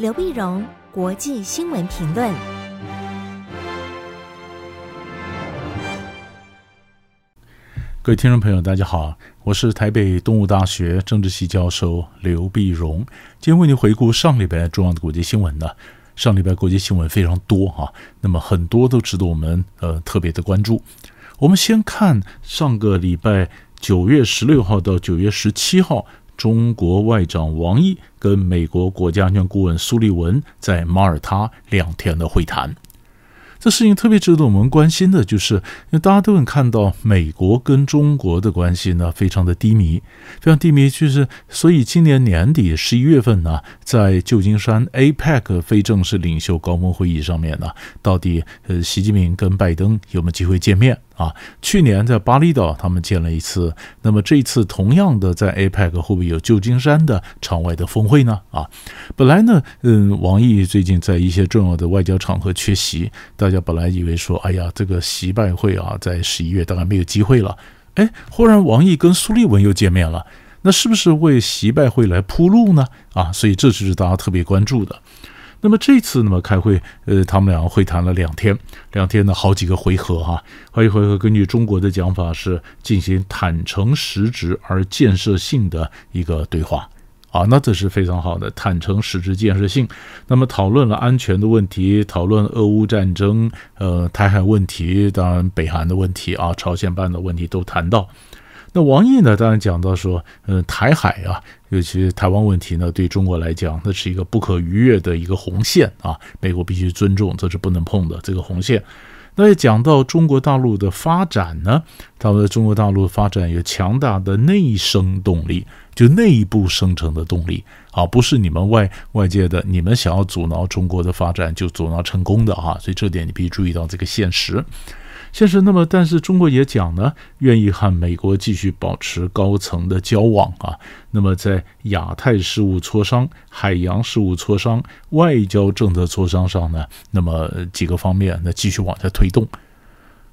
劉必榮，國際新聞評論。各位聽眾朋友，大家好，我是台北東吳大學政治系教授劉必榮，今天為您回顧上禮拜重要的國際新聞呢。上禮拜國際新聞非常多啊，那麼很多都值得我們呃特別的關注。我們先看上個禮拜九月十六號到九月十七號。中國外長王毅跟美國國家安全顧問蘇利文在馬耳他兩天的會談，這事情特別值得我們關心的，就是因為大家都能看到，美國跟中國的關係呢非常的低迷，非常低迷。就是所以今年年底十一月份呢，在舊金山 APEC 非正式領袖高峰會議上面呢，到底呃習近平跟拜登有沒有機會見面？啊，去年在巴厘島他們見了一次，那麼這一次同樣的在 APEC 會不會有舊金山的場外的峰會呢？啊，本來呢，嗯，王毅最近在一些重要的外交場合缺席，大家本來以為說，哎呀，這個習拜會啊，在十一月當然沒有機會了，哎，忽然王毅跟蘇利文又見面了，那是不是為習拜會來鋪路呢？啊，所以這就是大家特別關注的。那麼這次呢，開會，呃，他們兩個會談了兩天，兩天呢好幾個回合哈、啊，好幾個回合，根據中國的講法是進行坦誠、實質而建設性的一個對話啊，那這是非常好的，坦誠、實質、建設性。那麼討論了安全的問題，討論俄烏戰爭，呃，台海問題，當然北韓的問題啊，朝鮮半島的問題都談到。那王毅呢，當然講到說，嗯、呃，台海啊，尤其台灣問題呢，對中國來講，那是一個不可逾越的一個紅線啊，美國必須尊重，這是不能碰的這個紅線。那也講到中國大陸的發展呢，他說中國大陸發展有強大的內生動力，就內部生成的動力啊，不是你們外外界的，你們想要阻撓中國的發展就阻撓成功的啊，所以這點你必須注意到這個現實。現實那麼，但是中國也講呢，願意和美國繼續保持高層的交往啊。那麼在亞太事務磋商、海洋事務磋商、外交政策磋商上呢，那麼幾個方面那繼續往下推動。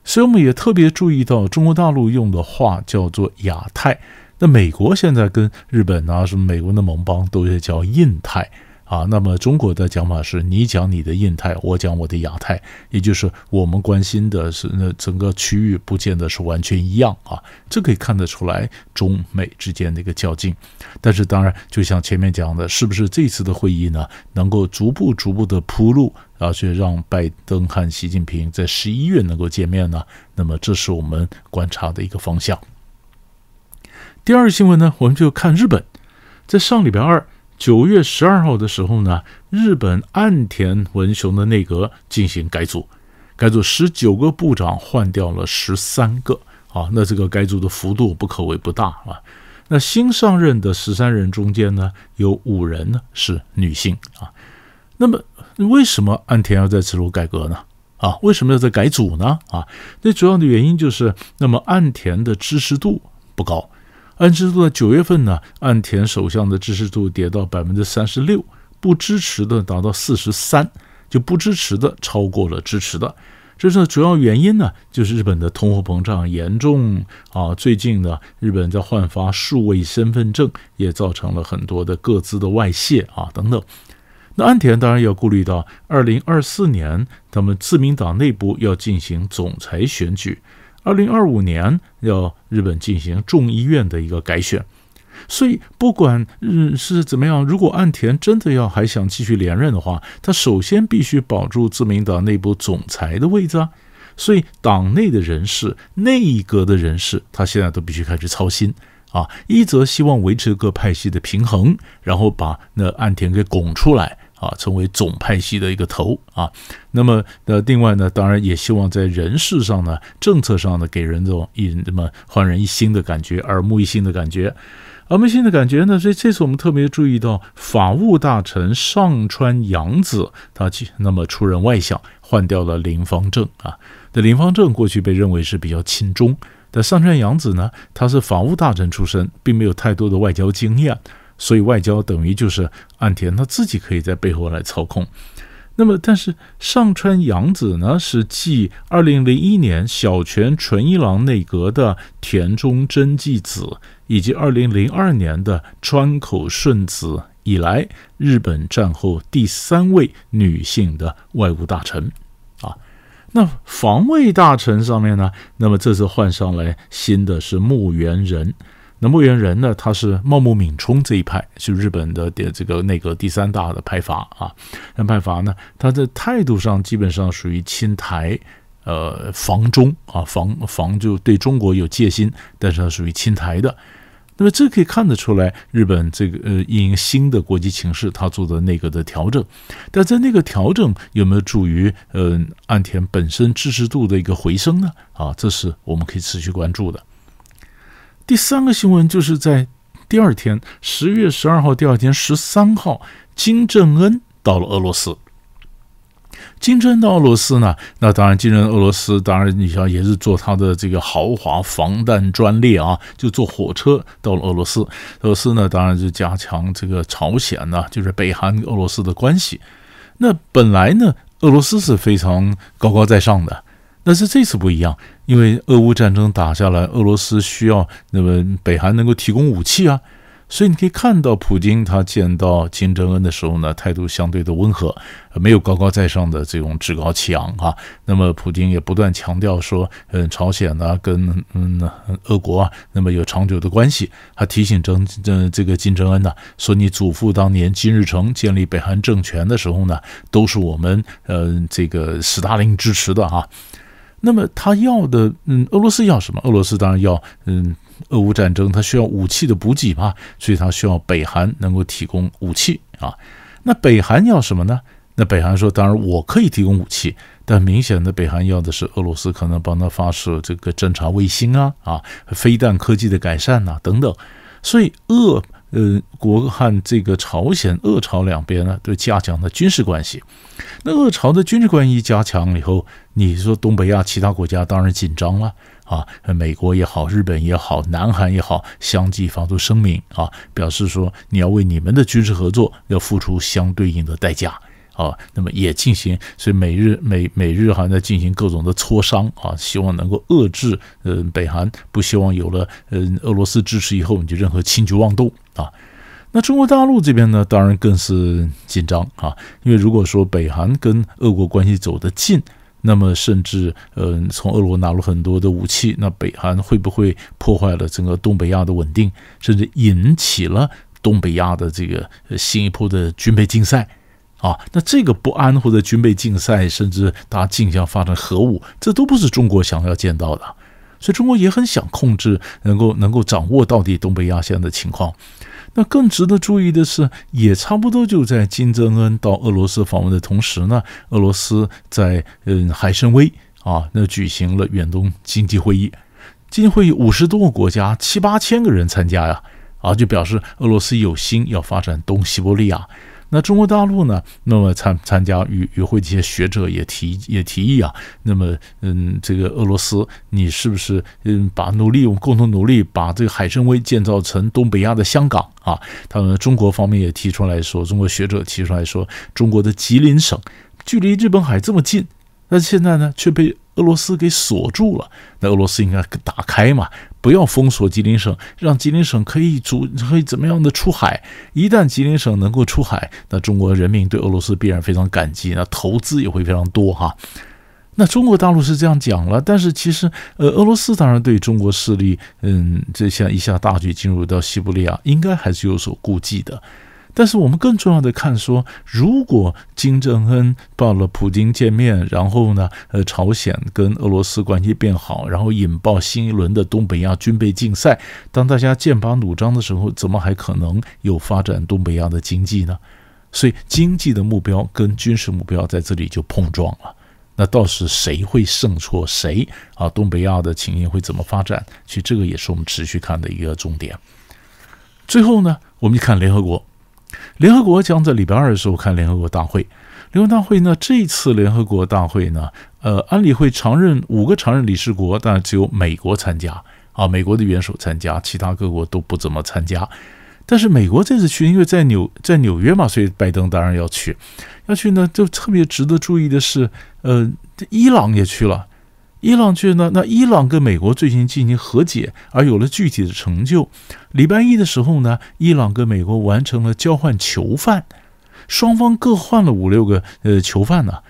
所以我們也特別注意到，中國大陸用的話叫做亞太，那美國現在跟日本啊，什麼美國的盟邦都是叫印太。啊，那麼中國的講法是，你講你的印太，我講我的亞太，也就是我們關心的是，那整個區域不見得是完全一樣啊。這可以看得出來中美之間的一個較勁。但是當然，就像前面講的，是不是這次的會議呢，能夠逐步逐步的鋪路，而且讓拜登和習近平在十一月能夠見面呢？那麼這是我們觀察的一個方向。第二新聞呢，我們就看日本，在上禮拜二。九月十二號的時候呢，日本岸田文雄的內閣進行改組，改組十九個部長換掉了十三個，啊，那這個改組的幅度不可謂不大啊。那新上任的十三人中間呢，有五人呢是女性啊。那麼為什麼岸田要在此路改革呢？啊，為什麼要在改組呢？啊，最主要的原因就是，那麼岸田的支持度不高。支持度在九月份呢，岸田首相的支持度跌到百分之三十六，不支持的達到四十三，就不支持的超過了支持的。這是主要原因呢，就是日本的通貨膨脹嚴重啊。最近呢，日本在換發數位身份證，也造成了很多的個資的外洩啊等等。那岸田當然要顧慮到二零二四年他們自民黨內部要進行總裁選舉。二零二五年要日本進行眾議院的一個改選，所以不管是怎麼樣，如果岸田真的要還想繼續連任的話，他首先必須保住自民黨內部總裁的位置啊。所以黨內的人士、內閣的人士，他現在都必須開始操心啊。一則希望維持各派系的平衡，然後把那岸田給拱出來。啊，成為總派系的一個頭啊。那麼，呃，另外呢，當然也希望在人事上呢、政策上呢，給人這種一人這麼煥然一新的感覺、耳目一新的感覺、耳目一新的感覺呢。所以這次我們特別注意到，法務大臣上川陽子他去，那麼出任外相，換掉了林芳正啊。那林芳正過去被認為是比較親中，但上川陽子呢，他是法務大臣出身，並沒有太多的外交經驗。所以外交等於就是岸田他自己可以在背後來操控，那麼但是，上川陽子呢，是繼2001年小泉純一郎內閣的田中真紀子以及2002年的川口順子以來，日本戰後第三位女性的外務大臣啊。那防衛大臣上面呢，那麼這次換上來新的是木原稔。那木原稔呢？他是茂木敏充這一派，是日本的這個內閣第三大的派閥啊。那派閥呢，他在態度上基本上屬於親台，呃，防中啊，防防就對中國有戒心，但是他屬於親台的。那麼這可以看得出來，日本這個呃因新的國際情勢，他做的內閣的調整。但在那個調整有沒有助於呃岸田本身支持度的一個回升呢？啊，這是我們可以持續關注的。第三個新聞就是在第二天，十月十二號，第二天十三號，金正恩到了俄羅斯。金正恩到俄羅斯呢？那當然，金正恩俄羅斯當然，你想也是坐他的這個豪華防彈專列啊，就坐火車到了俄羅斯。俄羅斯呢，當然就加強這個朝鮮呢、啊，就是北韓俄羅斯的關係。那本來呢，俄羅斯是非常高高在上的。但是這次不一樣，因為俄烏戰爭打下來，俄羅斯需要那麼北韓能夠提供武器啊，所以你可以看到，普京他見到金正恩的時候呢，態度相對的溫和，沒有高高在上的這種趾高氣昂啊。那麼，普京也不斷強調說，嗯，朝鮮呢跟嗯俄國啊，那麼有長久的關係。他提醒正嗯、呃、這個金正恩呢、啊，說你祖父當年金日成建立北韓政權的時候呢，都是我們嗯、呃、這個斯大林支持的啊。那麼他要的，嗯，俄羅斯要什麼？俄羅斯當然要，嗯，俄烏戰爭，他需要武器的補給嘛，所以他需要北韓能夠提供武器啊。那北韓要什麼呢？那北韓說，當然我可以提供武器，但明顯的北韓要的是俄羅斯可能幫他發射這個偵察衛星啊，啊，飛彈科技的改善吶、啊、等等，所以俄。呃呃、嗯，國和這個朝鮮、俄朝兩邊呢，都加強了軍事關係。那俄朝的軍事關係加強了以後，你說東北亞其他國家當然緊張了啊！美國也好，日本也好，南韓也好，相繼發出聲明啊，表示說你要為你們的軍事合作要付出相對應的代價。啊，那麼也進行，所以美日美美日韓在進行各種的磋商啊，希望能夠遏制呃北韓，不希望有了呃俄羅斯支持以後你就任何輕舉妄動啊。那中國大陸這邊呢，當然更是緊張啊，因為如果說北韓跟俄國關係走得近，那麼甚至呃從俄羅斯拿了很多的武器，那北韓會不會破壞了整個東北亞的穩定，甚至引起了東北亞的這個新一波的軍備競賽？啊，那這個不安或者軍備競賽，甚至大家競相發展核武，這都不是中國想要見到的。所以中國也很想控制能，能夠能夠掌握到底東北亞現在的情況。那更值得注意的是，也差不多就在金正恩到俄羅斯訪問的同時呢，俄羅斯在嗯海參崴啊，那舉行了遠東經濟會議。經濟會議五十多個國家，七八千個人參加呀，啊，啊，就表示俄羅斯有心要發展東西伯利亞。那中國大陸呢？那麼參參加與與會這些學者也提也提議啊，那麼嗯，這個俄羅斯，你是不是嗯，把努力共同努力把這個海參崴建造成東北亞的香港啊？他們中國方面也提出來說，中國學者提出來說，中國的吉林省距離日本海這麼近。那現在呢，卻被俄羅斯給鎖住了。那俄羅斯應該打開嘛，不要封鎖吉林省，讓吉林省可以出，可以怎麼樣的出海。一旦吉林省能夠出海，那中國人民對俄羅斯必然非常感激，那投資也會非常多哈。那中國大陸是這樣講了，但是其實，呃，俄羅斯當然對中國勢力，嗯，這像一下大局進入到西伯利亞，應該還是有所顧忌的。但是我們更重要的看說，說如果金正恩到了普京見面，然後呢，呃，朝鮮跟俄羅斯關係變好，然後引爆新一輪的東北亞軍備競賽，當大家劍拔弩張的時候，怎麼還可能有發展東北亞的經濟呢？所以經濟的目標跟軍事目標在這裡就碰撞了。那到時誰會勝出誰啊？東北亞的情形會怎麼發展？其實這個也是我們持續看的一個重點。最後呢，我們看聯合國。聯合國將在禮拜二的時候開聯合國大會。聯合國大會呢，這一次聯合國大會呢，呃，安理會常任五個常任理事國，當然只有美國參加啊，美國的元首參加，其他各國都不怎麼參加。但是美國這次去，因為在紐在紐約嘛，所以拜登當然要去。要去呢，就特別值得注意的是，呃，伊朗也去了。伊朗去呢？那伊朗跟美國最近進行和解，而有了具體的成就。禮拜一的時候呢，伊朗跟美國完成了交換囚犯，雙方各換了五六個呃囚犯呢、啊。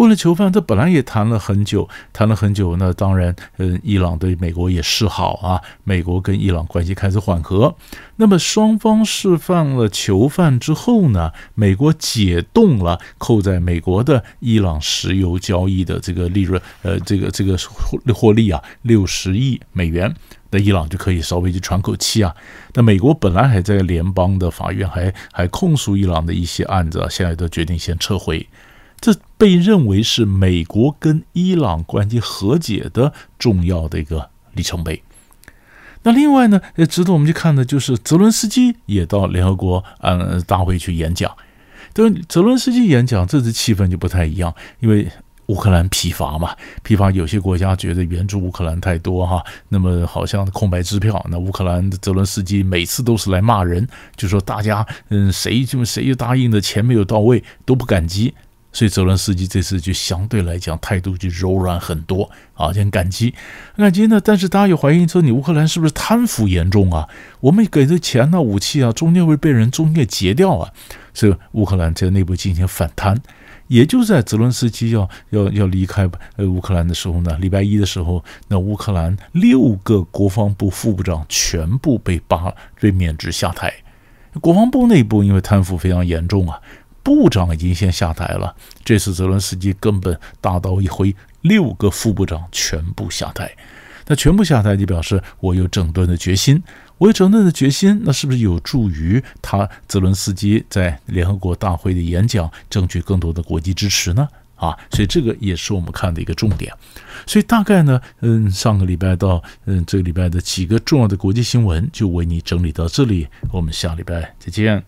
為了囚犯，這本來也談了很久，談了很久。那當然，嗯，伊朗對美國也示好啊，美國跟伊朗關係開始緩和。那麼雙方釋放了囚犯之後呢，美國解凍了扣在美國的伊朗石油交易的這個利潤，呃，這個這個獲獲利啊，六十億美元，那伊朗就可以稍微就喘口氣啊。那美國本來還在聯邦的法院還還控訴伊朗的一些案子，啊，現在都決定先撤回。這被認為是美國跟伊朗關係和解的重要的一個里程碑。那另外呢，值得我們去看的就是澤倫斯基也到聯合國大會去演講。對，澤倫斯基演講，這次氣氛就不太一樣，因為烏克蘭疲乏嘛，疲乏。有些國家覺得援助烏克蘭太多哈、啊，那麼好像空白支票。那烏克蘭的澤倫斯基每次都是來罵人，就說大家嗯，誰就誰答應的錢沒有到位，都不感激。所以澤倫斯基這次就相對來講態度就柔軟很多啊，很感激，很感激呢。但是大家又懷疑說，你烏克蘭是不是貪腐嚴重啊？我們給的錢啊、武器啊，中間會被人中間截掉啊？所以烏克蘭在內部進行反貪。也就是在澤倫斯基要要要離開烏克蘭的時候呢，禮拜一的時候，那烏克蘭六個國防部副部長全部被罷被免職下台。國防部內部因為貪腐非常嚴重啊。部長已經先下台了，這次澤倫斯基根本大刀一揮，六個副部長全部下台。那全部下台，就表示我有整頓的決心，我有整頓的決心，那是不是有助於他澤倫斯基在聯合國大會的演講爭取更多的國際支持呢？啊，所以這個也是我們看的一個重點。所以大概呢，嗯，上個禮拜到嗯這個禮拜的幾個重要的國際新聞就為你整理到這裡，我們下禮拜再見。